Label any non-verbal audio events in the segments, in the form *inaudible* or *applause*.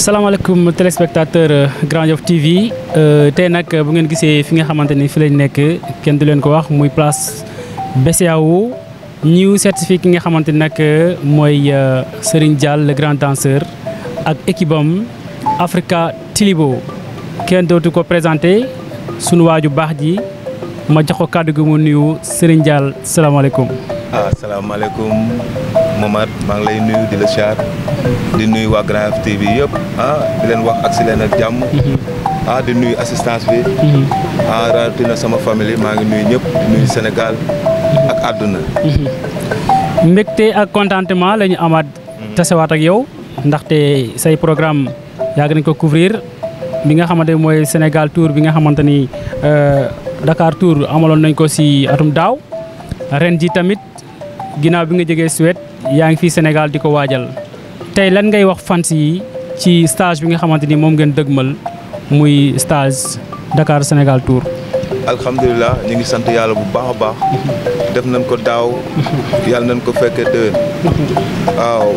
salaamaaleykum téléspectateur euh, Grand Yoff TV euh, tey nag euh, bu ngeen gisee fi nga xamante ni fi lañ nekk kenn du leen ko wax muy place BCEAO ñiw certifié ki nga xamante ni nag mooy Serigne Dial le grand danseur ak équipe am Africa Tilibo kenn dootu ko présenté sunu waaju baax ji ma jox ko kàddu gi mu nuyu Serigne Dial salaamaaleykum. Assalamualaikum, Momar mang lay nuyu di le chat mhm. di nuyu wa Grand TV yep ah di len wax ak si ak jam ah di nuyu assistance bi. Mhm. ah rawatina sama family maa ngi nuyu ñep di nuyu Sénégal mhm. ak aduna mbekté ak contentement lañu ñu tassé wat ak yow ndaxte say programme yàgg nañ ko couvrir bi nga xamanté moy Sénégal tour bi nga xamanté ni euh, Dakar tour amalon nañ ko si atum daw ren ji tamit. ginaaw bi nga jógee Suède yaa ngi fii Sénégal di ko waajal tey lan ngay wax fans yi ci stage bi nga xamante ni moom ngeen dëgg dëgmal muy stage ndakaar Sénégal Tour. alhamdulilah ñu ngi sant yàlla bu baax a baax. def nañ ko daaw. yàlla nañ ko fekkee déwén. waaw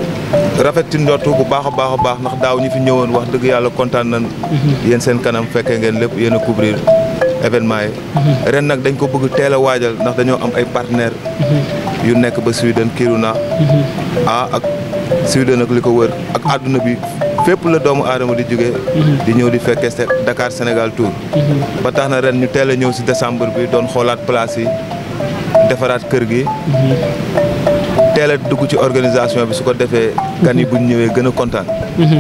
rafet ci bu baax a baax a baax ndax daaw ñi fi ñëwoon wax dëgg yàlla kontaan nañ. Mhm. yéen seen kanam fekkee ngeen lépp yéen a couvrir. événement yi. Mhm. ren nag dañ ko bëgg teel a waajal ndax dañoo am ay partenaires. Mhm. yu nekk ba Sweden Kiruna. ah ak Sweden nag li ko wër ak àdduna bi fépp la doomu aadama di jógee. di ñëw di fekkee se Dakar Sénégal Tour. ba tax na ren ñu teel a ñëw si décembre bi doon xoolaat place yi defaraat kër gi. teel a dugg ci organisation bi su ko defee gan yi bu ñu ñëwee gën a kontaan. Mhm.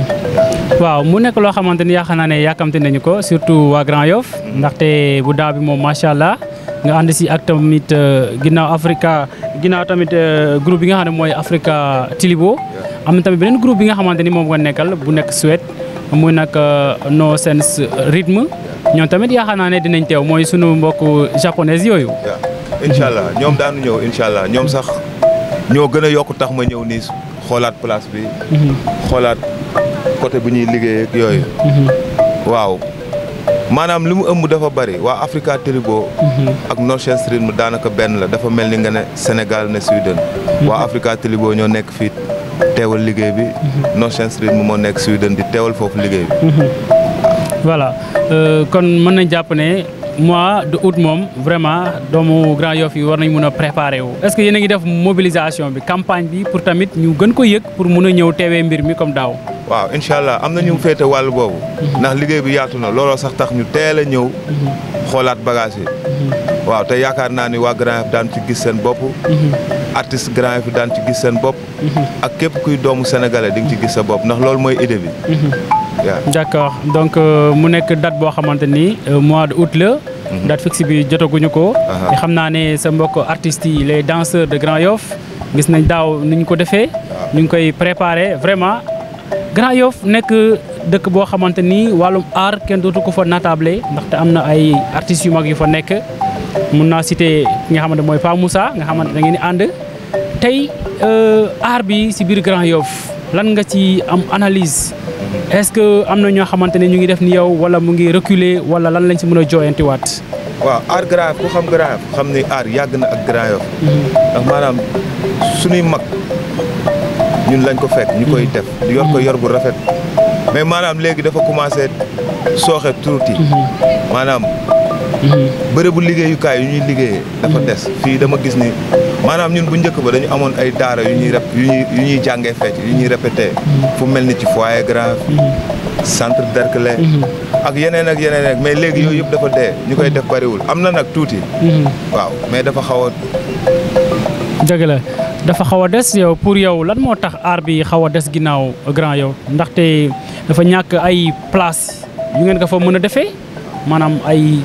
waaw mu nekk loo xamante ni yaakaar naa ne yàkkamte nañu ko surtout waa Grand Yoff mhm. ndaxte bu daaw bi moom macha allah nga ànd si ak tamit euh, ginnaaw Africa ginnaaw tamit euh, groupe bi nga xam ne Africa Tilibo. tamit groupe bi nga nga nekkal bu muy euh, No Sense Rythme ñoom tamit yaakaar naa ne dinañ teew mooy sunu mbokk japonais yooyu. incha allah nyom daanu ñëw incha allah sax. ñoo gën a yokk tax ma ñëw nii xoolaat place bi. xoolaat côté bu ñuy liggéey yooyu. waaw maanaam li mu ëmb dafa bari waa Africa Terrible. ak Norwegian Stream daanaka benn la dafa mel ni nga ne Sénégal ne Sweden. waa Africa Terrible ñoo nekk fii teewal liggéey bi. Norwegian Stream moo nekk Sweden di teewal foofu liggéey bi. voilà euh, kon mën nañ jàpp ne. mois du ut moom vraiment doomu Grand Yoff yi war nañ mun a préparer wu. est-ce que yéen a ngi def mobilisation bi campagne bi pour tamit ñu gën ko yëg pour mun a ñëw teewee mbir mi comme daaw. waaw incha allah am na ñu féete wàll boobu. Mhm. ndax liggéey bi yaatu na looloo sax tax ñu teel a ñëw. Mhm. xoolaat bagage yi. Mhm. waaw te yaakaar naa ni waa Grand Yoff daan ci gis seen bopp. Mhm. artiste Grand Yoff daan ci gis seen bopp. Mhm. ak képp kuy doomu sénégalais di nga ci gis sa bopp ndax loolu mooy idée bi. waaw mhm. d'accord donc euh, mu nekk date boo xamante nii euh, mois de août la. date fixe bi jotaguñu ko. te xam naa ne sa mbokk artistes yi les danseurs de Grand Yoff gis nañ daaw ni ko defee. ñu ngi koy préparer vraiment. Grand Yoff nekk dëkk boo xamante ni wàllum art kenn dootu ko fa natable ndaxte am na ay artistes yu mag yu fa nekk. mën naa cité nga xamante mooy Pa Moussa nga xamante da ngeen di ànd tey eh, aar bi si biir Grand Yoff lan nga ci am analyse est ce que am na ñoo xamante ne ñu ngi def ni yow wala mu ngi reculer wala lan lañ si mën a jooyantiwaat waaw aar Grand ku xam Grand xam ni aar yàgg na ak Grand Yoff mm-hmm. ndax maanaam suñuy mag ñun lañ ko fekk ñu koy mm-hmm. def yor ko mm-hmm. yor bu rafet mais maanaam léegi dafa commencé sooxe tuuti maanaam Mhm. bërëbu liggéeyukaay yu ñuy liggéeyee dafa des mhm. fii dama gis ni maanaam ñun bu njëkk ba dañu amoon ay daara yu ñuy rep yu ñuy yu ñuy jàngee fecc yu ñuy répété mhm. fu mel ni ci foyer grave centre Derklé ak yeneen ak yeneen ak mais léegi yooyu yëpp dafa dee ñu koy def bariwul am na nag tuuti waaw mais dafa xaw a dëgg la dafa xaw a des yow pour yow lan moo tax aar bi xaw a des ginnaaw grand yow ndaxte dafa ñàkk ay place yu ngeen nga fa mën a defee maanaam ay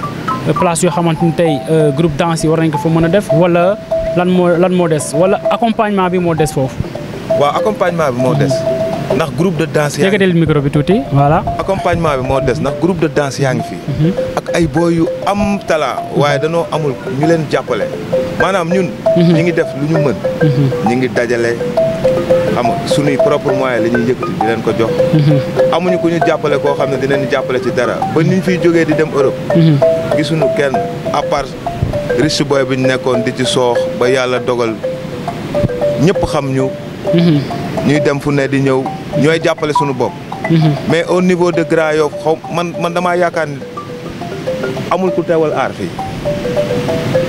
place yoo xamante ni tey euh, groupe danse yi war nañ ko fa mën a def wala lan moo lan moo des wala accompagnement bi moo des foofu. waaw accompagnement bi moo des. Mhm. ndax groupe de danse yaa ngi fi tuuti voilà. accompagnement bi moo des ndax groupe de danse yaa ngi fi. Mhm. ak ay boy yu am talent mhm. waaye danoo amul ñu leen jàppale maanaam ñun. ñu ngi def lu ñu mën. ñi ngi dajale. xam nga suñuy propre moyen la ñuy di leen ko jox mhm. amuñu ku ñu jàppale koo xam ne dinañu jàppale ci dara ba ñu fiy jógee di dem Europe mhm. gisuñu kenn à part riche boy bi ñu nekkoon di ci soox ba yàlla dogal ñëpp xam ñu mhm. ñuy dem fu ne di ñëw ñooy jàppale suñu bopp mais au niveau de Grand Yoff xaw man man damaa yaakaar amul ku teewal aar fii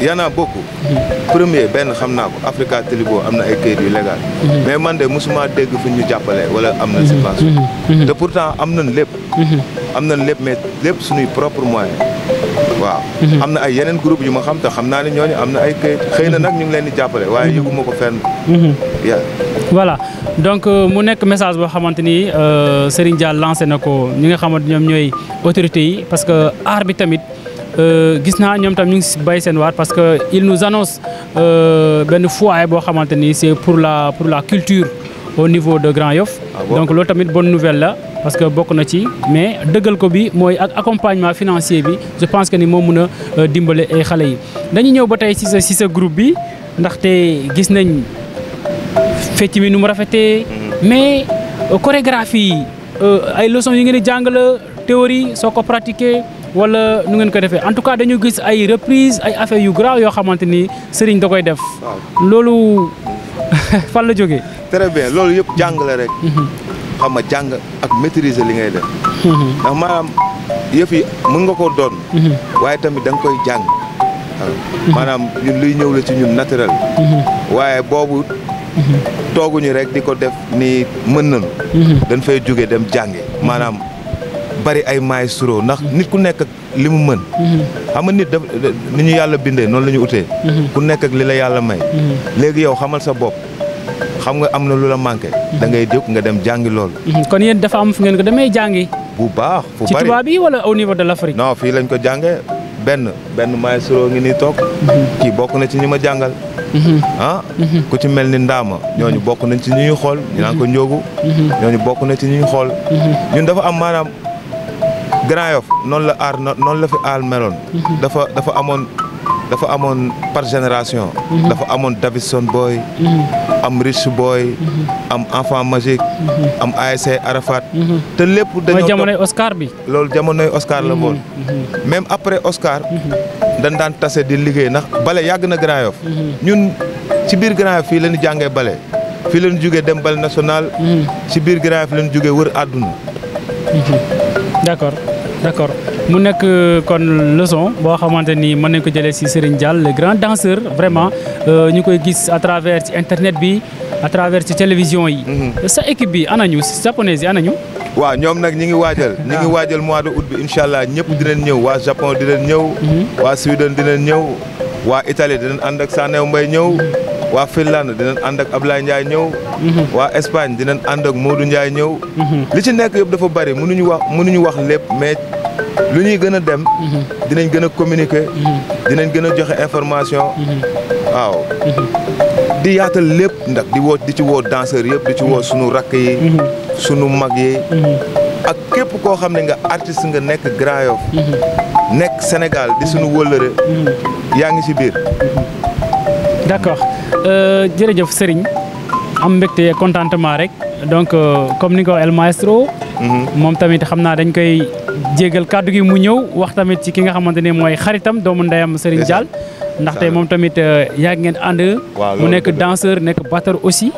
y en a mm-hmm. premier benn xam naa ko Africa Telibo am na ay kayit yu légal. Mm-hmm. mais man de mosuma dégg fu ñu jàppale wala am na mm-hmm. subvention. te pourtant am nañ lépp. am lépp mais lépp suñuy propre moyen waaw. am na ay yeneen groupe yu ma xam te xam naa ne ñooñu am na ay kayit xëy na nag ñu ngi leen di jàppale waaye yëguma ko fenn. voilà donc euh, mu nekk message boo xamante ni euh, Serigne Dia lancé na ko ñi nga xamante ñoom ñooy autorités yi parce que aar bi tamit. Euh, gis naa ñoom tam ñu ngi si bay seen waar parce que il nous annonce euh, benn foyer boo xamante ni c'est pour la pour la culture au niveau de Grand Yoff ah donc loolu tamit bonne nouvelle la parce que bokk na ci mais dëggal ko bi mooy ak accompagnement financier bi je pense que ni moo mun a euh, dimbale ay xale yi dañu ñëw ba tey si sa si sa groupe bi ndaxte gis nañ fecc mi nu mu rafetee mhm. mais chorégraphie yi ay leçons yi ngeen di jàng théorie soo ko pratiquer wala nu ngeen ko defee en tout cas dañu gis ay reprise ay affaire yu grave yoo xamante ni sëriñ da koy def. loolu *laughs* fan la jóge très bien loolu yëpp jàng la rek. Mhm. xam nga jàng ak maîtriser li ngay def. Mhm. ndax maanaam yëf yi mën nga ko doon. Mhm. waaye tamit da koy jàng. maanaam ñun luy ñëw la ci ñun naturel. waaye boobu. tooguñu rek di ko def ni mën nañu. dañ fay jóge dem jàngi maanaam. bari ay maestro ndax nit ku nekk li mu mën xam nga nit daf ni ñu yàlla bindee noonu la ñu utee ku nekk ak li la yàlla may léegi yow xamal sa bopp xam nga am na lu la manqué da ngay jóg nga dem jàngi lool kon yéen dafa am fu ngeen ko demee jàngi bu baax fu bari ci tubaab yi wala au niveau de l'Afrique non fii lañ ko jàngee benn benn maestro ngi nii toog kii bokk na ci ñi ma jàngal ah ku ci mel ni ndaama ñooñu bokk nañ ci ñuy xool ñu naan bokk na ci ñu xool ñun dafa am maanaam Grand Yoff noonu la aar noonu la fi aar meloon. Mhm. dafa dafa amoon dafa amoon par génération. Mhm. dafa amoon Davidson Boy. Mhm. am Rich Boy. am Enfant Magique. am ASC Arafat. te lépp dañoo mooy jamonoy Oscar bi. loolu jamonoy Oscar la woon. même après Oscar. dan daan tase di liggéey ndax bale yàgg na Grand Yoff ñun ci biir Grand Yoff fii la ñu jàngee bale. fii leen jógee dem bale national. ci biir Grand Yoff leen jóge wër àdduna. d'accord. d'accord mu nek euh, kon leçon bo xamanteni man mën nañ ko jëlee ci Serigne Dial le grand danseur vraiment euh, ñu koy gis à travers ci internet bi à travers ci télévision yi. Mhm. sa équipe bi anañu japonais yi anañu. wa ñom nak ñi ngi wajal ñi ngi waajal ah. mois de bi inshallah, ñepp di len ñew wa Japon dinañ ñëw. Mhm. wa Suède len ñew wa Italie len and ak Sanew Mbaye ñew waa Finlande dinañ ànd ak Ablaye Ndiaye ñëw. Mhm. waa Espagne dinañ ànd ak Modou Ndiaye ñëw. Mhm. li ci nekk yépp dafa bari ñu wax mënuñu wax lépp mais lu ñuy gën a dem. Mhm. dinañ gën a communiquer. dinañ gën a joxe information. waaw. di yaatal lépp ndax di woo di ci woo danseurs yëpp di ci woo sunu rakk yi. sunu mag yi. ak képp koo xam ne nga artiste nga nekk Grand Yoff. nekk Sénégal di sunu wëllëre. yaa ngi ci biir. d'accord. Euh, jërëjëf Serigne am mbégte contentement rek donc euh, comme ni El Maestro. Mhm. moom tamit xam naa dañ koy jégal kàddu gi mu ñëw wax tamit ci ki nga xamante ne mooy xaritam doomu ndeyam Serigne Dial. ndaxte moom tamit euh, yàgg ngeen ànd. mu nekk danseur nekk batteur aussi.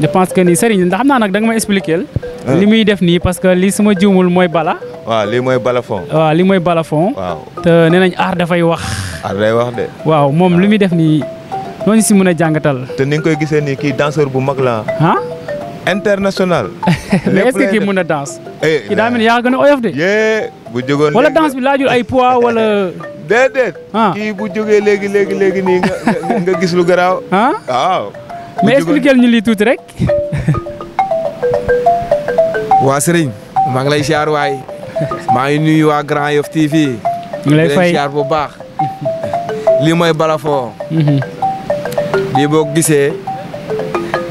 je pense que ni Serigne ndax xam naa nag da nga ma expliquer ah. li muy def nii parce que li suma juumul mooy bala. waaw lii mooy balafon. waaw li mooy balafon. waaw te nee nañ aar dafay wax. aar day wax de. waaw moom ah. li muy def nii. loo si mën a jàngatal. te ni nga koy gisee nii kii danseur bu mag la ah. international. *laughs* mais est kii mën a danse. Eh, kii daa eh. mel ni yaa gën oyof de. bu jógoon wala danse bi laajul ay poids *laughs* wala. déedéet. kii léegi léegi léegi nii nga nga gis lu garaaw. ah waaw. mais ñu lii tuuti rek. *laughs* waa sëriñ maa ngi lay siyaar waay ngi nuyu waa Grand Yoff TV. ñu lay fay bu baax. lii mooy balafoo. Mhm. lii boo gisee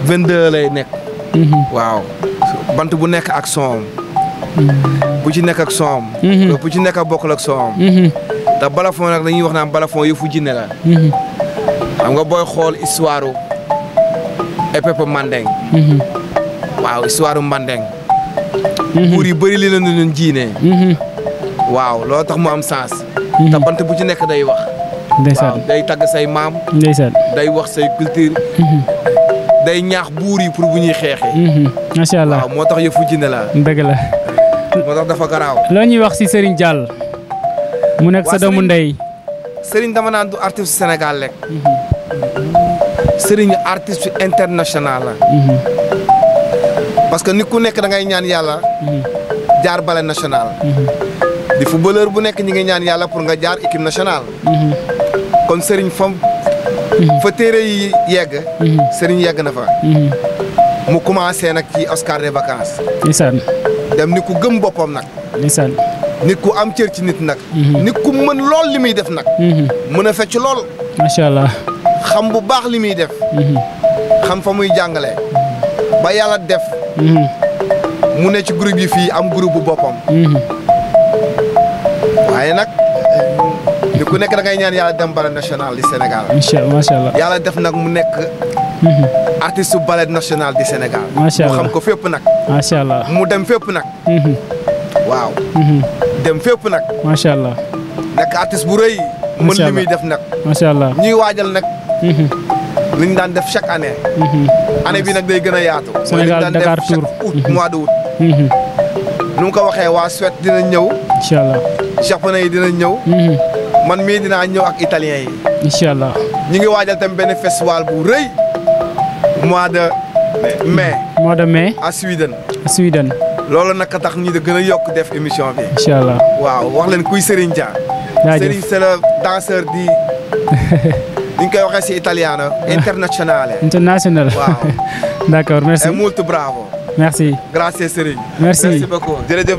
vingt-deux lay nekk mhm. waaw bant bu nekk ak soom mhm. bu ci nekk ak soom mhm. bu ci nekk ak bokkul ak soom ndax balafon nag dañuy wax naan balafon yëfu jinne la xam nga booy xool histoire u Epepa Mandeng waaw histoire u Mandeng bëri li la ñu doon jiinee waaw loolu tax mu am sens te bant bu ci nekk day wax ndeysaan day tagg say maam. ndeysaan day wax say culture. Mhm. day ñaax buur yi pour bu ñuy xeexee. Mhm. macha allah moo tax yëfu jinne la. dëgg la. moo tax dafa garaaw. loo ñuy wax si Serigne Diall. mu nekk sa doomu ndey. Serigne dama naan du artiste Sénégal rek. Mhm. Serigne artiste international la. parce que nit ku nekk da ngay ñaan yàlla. jaar ballet national. di footballeur bu nekk ñi ngi ñaan yàlla pour nga jaar équipe nationale. kon sëriñ fam mhm. fa téere yi yegg mhm. sëriñ yegg na fa mhm. mu commencé nag ci Oscar des vacances ndeysaan dem ni ku gëm boppam nag ndeysaan nit ku am cër ci nit nag nit ku mën lool li muy def nag mën a fecc lool macha allah xam bu baax li muy def xam fa muy jàngale ba yàlla def mu ne ci groupe yi fii am groupe bu boppam waaye nag ni ku nekk da ngay ñaan yàlla dem ballet national du Sénégal. incha allah macha def nag mu nekk. Mhm. artiste su ballet national du Sénégal. macha allah mu xam ko fépp nag. macha allah mu dem fépp nag. Mhm. waaw. Mhm. dem fépp nag. macha allah nekk artiste bu rëy. mën li def nag. macha allah ñuy waajal nag. li ñu daan def chaque année. année bi nag day gën a yaatu. Sénégal Dakar tour août mois d'août. nu mu ko waxee waa Suède dina ñëw. incha yi dina ñëw. man mii dinaa ñëw ak italien yi. incha allah ñu ngi waajal tam benn festival bu rëy mois de mai. mois de mai à Sweden. à Sweden. loolu nag tax ñu gën a yokk def émission bi. incha waaw wax leen kuy Serigne Dia. jaajëf Serigne c'est le di. *laughs* ni ñu koy waxee si italiano. internationale. international waaw. *laughs* d'accord merci. molto bravo. merci. grazie Serigne. merci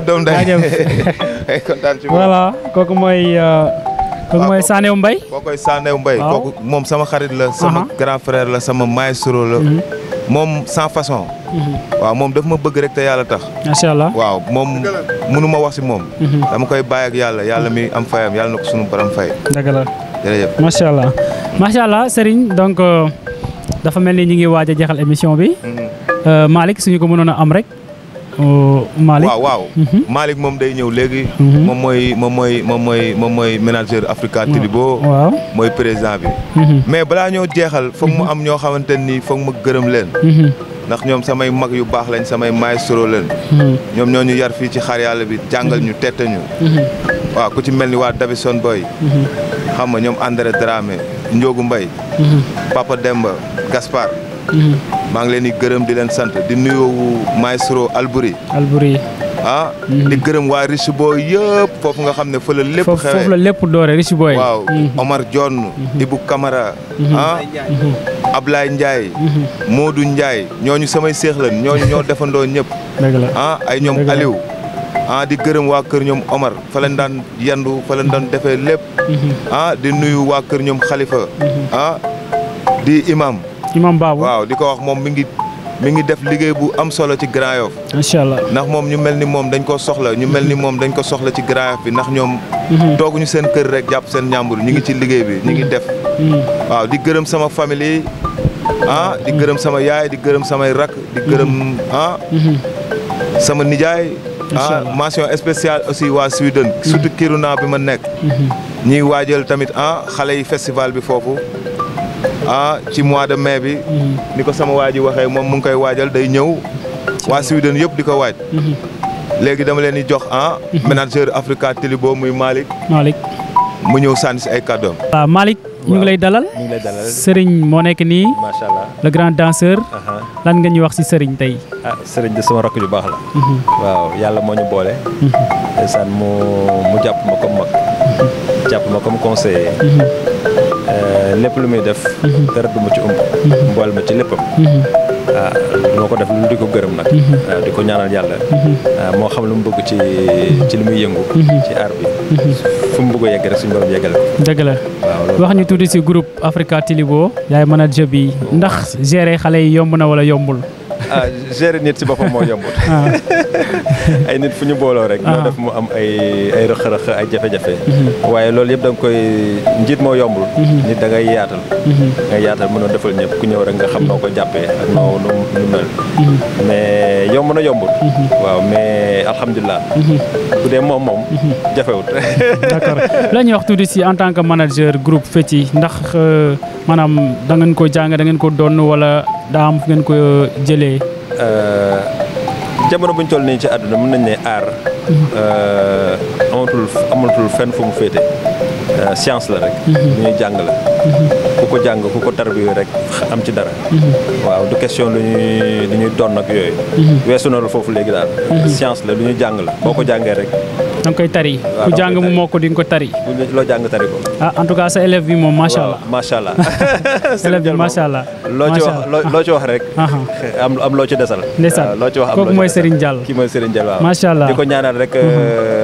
doom day. jaajëf *laughs* kontaan ci voilà kooku euh, kooku mooy Sanew Mbaye kookoy Sanew Mbaye kooku moom sama xarit la sama uh-huh. grand frère la sama maestro la mm-hmm. moom sans façon mm-hmm. waaw moom daf ma bëgg rek te yàlla tax macha allah waaw moom mënu wax si moom mm-hmm. dama koy bàyyi yàlla yàlla mi am fayam yàlla na ko sunu borom fay dëgg la macha allah macha allah Serigne donc euh, dafa mel ni ñu ngi waaj a jeexal émission bi euh, Malick suñu ko mënoon a am rek Euh, Malick waaw waaw. Mhm. Malick moom day ñëw léegi. Mhm. moom mooy moom mooy moom mooy moom mooy manager Africa Tilibo. waaw mooy président bi. Mhm. mais balaa ñoo jeexal foog mu am ñoo xamante ni foog ma gërëm leen. ndax ñoom samay mag yu baax lañ samay maestro leen. ñoom ñoo ñu yar fii ci xar yàlla bi jàngal ñu tette ñu. waaw ku ci mel ni waa Davison booy xam nga ñoom André Dramé Ndiogu Mbaye. Papa Demba Gaspard. maa ngi leen di gërëm di leen sant di nuyu maestro Albouri. Albouri. ah. Mhm. di gërëm waa Riche Boy foofu nga xam ne fa lépp. xewee foofu la lépp doore Riche Boy. waaw mhm. Omar Dione. Mhm. Ibou Camara. ah. Ablaye Ndiaye. Modou Ndiaye ñooñu samay seex ñooñu ñoo defandoo ñëpp. dëgg ah, ay ñoom Aliou. Ah, di gërëm waa kër ñoom Omar fa leen daan yandu fa leen daan defee lépp. Ah, di nuyu waa kër ñoom Khalifa. di imam. imam waaw di ko wax moom mi ngi mi ngi def liggéey bu am solo ci Grand Yoff incha ndax moom ñu mel ni moom dañ ko soxla ñu mel ni moom dañ ko soxla ci Grand Yoff bi ndax ñoom mhm. tooguñu seen kër rek jàpp seen ñàmbur ñu ngi ci liggéey bi ñu ngi def mhm. waaw di gërëm sama famille ah di mhm. gërëm sama yaay di gërëm samay rak di gërëm ah sama nijaay ah mention spéciale aussi waa Sweden surtout Kiruna bi ma nekk ñuy waajal tamit ah xale yi festival bi foofu ah ci mois de mai bi. ni ko sama waa ji waxee moom mu ngi koy waajal day ñëw. waa Sweden yëpp di ko waaj. léegi dama leen di jox ah. manager Africa Tilibo muy Malick. Malick mu ñëw sànni si ay kàddoom. waaw Malick ñu ngi lay dalal. ñu ngi lay dalal Serigne moo nekk nii. macha allah le grand danseur. Uh-huh. lan nga ñu wax si Serigne tey. ah Serigne de sama rakk ju baax la. Uh-huh. waaw yàlla moo ñu boole. Uh-huh. ndeysaan mu mu jàpp ma comme mag. jàpp ma comme conseiller. lépp lu muy def mhm. dara du ma ci ëmb mhm. mbool ma ci léppam waaw mhm. ah, moo ko def lu di ko gërëm nag ah, di ko ñaanal yàlla ah, moo xam lu mu bëgg ci ci li muy yëngu ci aar bi fu mu bëgg a yegg rek suñu borom yeggale ko dëgg la wax ñu tuuti si groupe Africa Tilibo yaay manager bi ndax gérer xale yi yomb na wala yombul ah gérer nit si boppam moo yombut. Ah. *laughs* ay nit fu ñu booloo rek. loolu ah. def mu am ay ay rëq-rëq ay jafe-jafe. Mhm. waaye loolu yëpp da koy njiit moo yombul. Mhm. nit da ngay yaatal. Mhm. nga yaatal defal ñëpp ku ñëw rek nga xam noo ko jàppee ak noo nu mu mais yomb na yombul. waaw mais alhamdulilah. bu dee moom moom. jafewut. *laughs* d'accord la ñuy wax tuuti si en tant que manager groupe Fetchi ndax euh, maanaam da ngeen ko jàng da ngeen ko doon wala. daa am fu ngeen ko euh, jëlee. Euh, jamono bu ñu toll nii ci àdduna mën nañ ne aar. Euh, amatul amatul fenn fu mu féete science la rek. Mhm. lu ñuy jàng la. Mhm. ku ko jàng ku ko tarbiyo rek am ci dara. Mhm. waaw du question lu ñuy lu ñuy doon ak yooyu. weesu na foofu léegi daal. science la lu ñuy jàng la boo ko jàngee rek. dang koy tari ku jang mu moko di ko tari lo jang tari ko ah en tout cas sa élève bi mom machallah machallah *laughs* élève bi machallah *laughs* lo ci wax lo ci wax rek am am lo ci dessal lo ci wax am lo ci moy serigne dial ki moy serigne dial machallah diko ñaanal rek mhm. euh,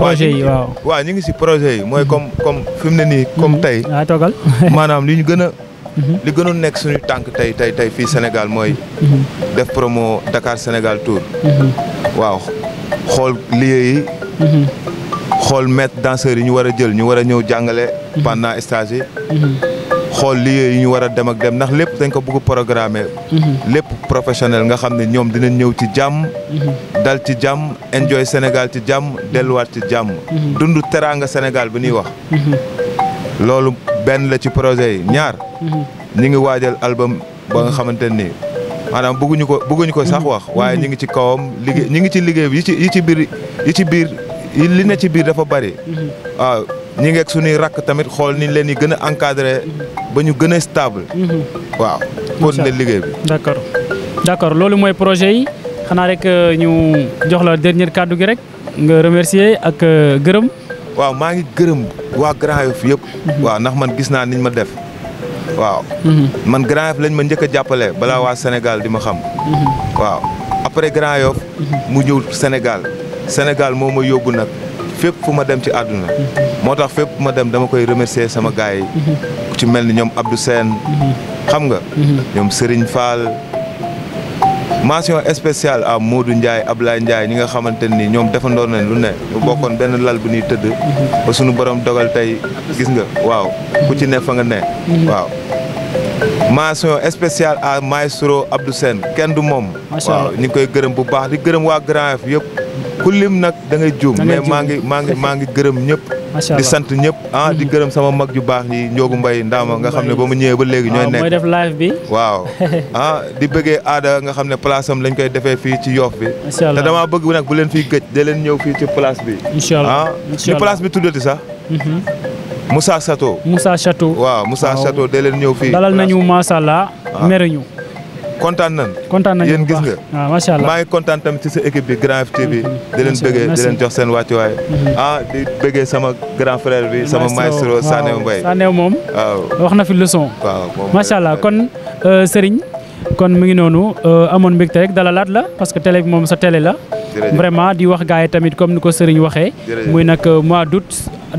projet yi waaw waaw ñu ngi si projet yi mooy mhm. comme comme fi mu ne nii comme mhm. tey waaw *laughs* maanaam li ñu gën a mhm. li gënoon nekk suñu tànk tey tey tey fii Sénégal mooy def promo dakaar Sénégal Tour waaw xool lieu yi xool maître danseurs yi ñu war a jël ñu war a ñëw jàngale pendant stage xool liggéey yi ñu war a dem ak dem ndax lépp dañ ko bëgg programmer mhm. lépp professionnel nga xam ne ñoom dinañ ñëw ci jàmm mhm. dal ci jàmm enjoy Sénégal ci jàmm delluwaat ci jàmm mhm. dund teraanga Sénégal bi ñuy wax loolu benn la ci projet yi ñaar ñi ngi waajal album ba nga xamante nii maanaam bëgguñu ko bëgguñu ko sax wax waaye ñi ngi ci kawam liggéey ñi ngi ci liggéey bi ci yi ci biir yi ci biir li ne ci biir dafa bari waaw ah, ñi ngeeg suñuy rakk tamit xool ni leen yi gën a encadré ba ñu gën a stable. Mhm. waaw continuer liggéey bi. d' accord accord loolu mooy projet yi xanaa rek euh, ñu jox la dernier kàddu gi rek nga remercier ak euh, gërëm. waaw maa ngi gërëm waa Grand Yoff yëpp. Mhm. waaw ndax man gis naa niñ ma def. waaw. Mhm. man Grand Yoff lañ ma njëkk a jàppale balaa waa Sénégal di ma xam. waaw après Grand Yoff mu ñëw senegal Sénégal moo ma yóbbu nag. fépp fu ma dem ci àdduna moo tax fépp fu ma dem dama koy remercier sama gaay yi ku ci mel ni ñoom Abdou Sène xam nga ñoom Serigne Fall mention spéciale à Modou Ndiaye Ablaye Ndiaye ñi nga xamante ni ñoom defandoon nañ lu ne ñu bokkoon benn lal bu ñuy tëdd ba suñu borom dogal tey gis nga waaw ku ci ne fa nga ne waaw mention spéciale à maestro abdu Sène kenn du moom waaw ñu ngi koy gërëm bu baax di gërëm waa Grand Yoff yëpp ku lim nag da ngay juum mais maa ngi maa ngi maa ngi gërëm ñëpp di sant ñëpp ah di mm-hmm. gërëm sama mag ju baax yi Ndiogu Mbaye Ndama nga xam ne ba mu ñëwee ba léegi ñooy ah, nekk def live bi waaw *laughs* ah di bëggee aada nga xam ne place am lañ koy defee fii ci yoof bi te damaa bëgg nag bu leen fiy gëj da leen ñëw fii ci place bi ah ñu place bi tuddati sax mm-hmm. Moussa Chateau Moussa Chateau waaw Moussa Chateau da leen ñëw fii dalal nañu macha allah ah. meruñu kontaan nañ kontaan nañ yéen gis nga waaw ah, macha allah maa ngi kontaan tamit ci sa équipe bi Grand Yoff TV di leen bëggee di leen jox seen wàccuwaay ah di bëggee sama grand frère bi sama maestro Sanew Mbaye moom waaw wax na fi leçon waaw macha allah kon euh, Serigne kon mu ngi noonu euh, amoon mbégte rek dalalaat la parce que télé bi moom sa télé la vraiment di wax gars yi tamit comme ni ko Serigne waxee muy nag euh, mois d'août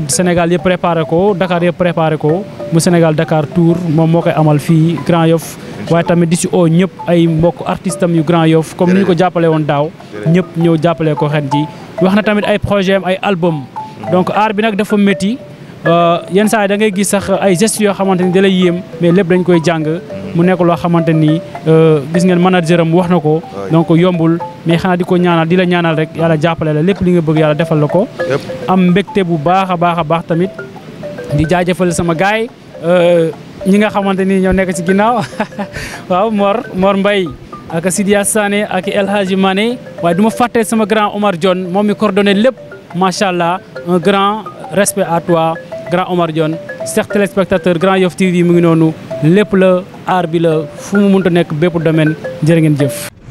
Sénégal yëpp préparé ko Dakar yëpp préparé ko mu Sénégal Dakar Tour moom moo koy amal fii Grand Yoff waaye tamit di si oo ñëpp ay mbokk artistes am yu Grand Yoff comme ni ñu ko jàppale woon daaw ñëpp ñëw jàppale ko xen ji wax na tamit ay projet am ay album donc aar bi nag dafa métti euh, yenn saa yi da ngay gis sax ay gestes yoo xamante ni da yéem mais lépp dañ koy jàng mu nekk loo xamante ni euh, gis ngeen manager am wax na ko donc yombul mais xanaa di ko ñaanal di la ñaanal rek yàlla jàppale la lépp li nga bëgg yàlla defal la ko am mbégte bu baax a baax a baax tamit di jaajëfal sama gaay ñi nga xamante ni ñoo nekk ci ginnaaw *laughs* waaw Mor moor mbay ak Sidia Sané ak El waaye du ma fàtte sama grand Omar Dione moom mi coordonné lépp macha allah un grand respect à toi grand Omar Dione chers téléspectateurs Grand Yoff mu ngi noonu lépp la aar bi la fu mu mënta nekk bépp domaine jërë ngeen jëf.